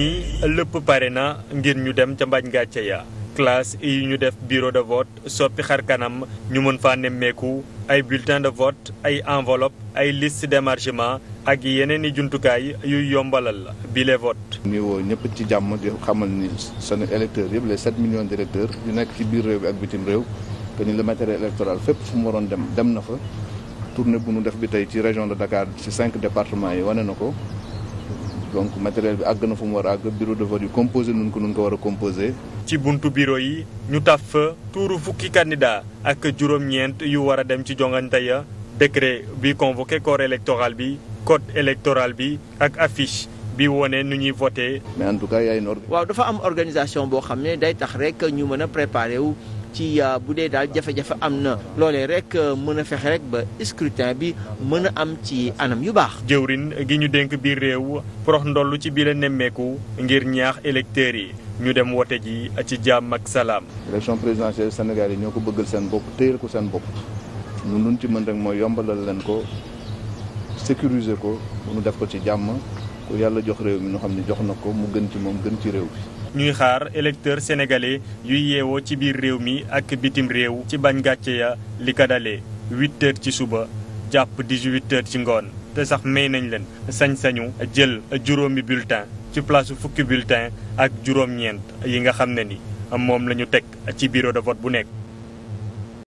nii lépp pare na ngir ñu dem ca mbañ gàcce ya classe yi ñu def bureau de vote soppi xar kanam ñu mën faa nemmeeku ay bulletin de vote ay enveloppe ay list de d'émargement ak yeneen i jumtukaay yuy yombalal bile vote. ñu woo ñëpp ci jàmm di xamal ni seen électeurs yëpp le sept millions d'électeurs yu nekk ci biir réew bi ak bitim réew que ni le matériel électoral fépp fu mu waroon dem dem na fa tournée bu nu def bi tey ci région de Dakar ci cinq départements yi wane na ko. donc matériel bi àgg na fu mu war a àgg bureau de vote yi composé nun ko nun ko war a composé. ci buntu bureau yi ñu taf fa tuuru fukki candidat ak juróom-ñeent yu war a dem ci jongante ya décret bi convoqué corps électoral bi code électoral bi ak affiche bi wone nu ñuy voté. mais en tout cas yaay waaw dafa am organisation boo xam ne day tax rek ñu mën a préparé wu. ci euh, bu dee daal jafe-jafe am na loolee rek euh, mën a fexe rek ba scrutin bi mën a am ci anam yu baax. jëwrin gi ñu dénk biir réew porox ndollu ci biir nemmeeku ngir ñaax électeurs yi ñu dem wote ji ci jàmm ak salaam. élection présidentielle Sénégal yi ñoo ko bëggal seen bopp téyal ko seen bopp ñun luñ ci mën rek mooy yombalal leen ko sécuriser ko mu def ko ci jàmm ku yàlla jox réew mi ñu xam ne jox na ko mu gën ci moom gën ci réew bi ñuy xaar électeurs sénégalais yuy yeewoo ci biir réew mi ak bitim réew ci bañ gàcce ya li ko dalee huit ci suba jàpp dix-huit ci ngoon te sax may nañ leen sañ-sañu jël juróomi bulletin ci place fukki bulletin ak juróom-ñeent yi nga xam ne ni moom la ñu teg ci bureau de vote bu nekk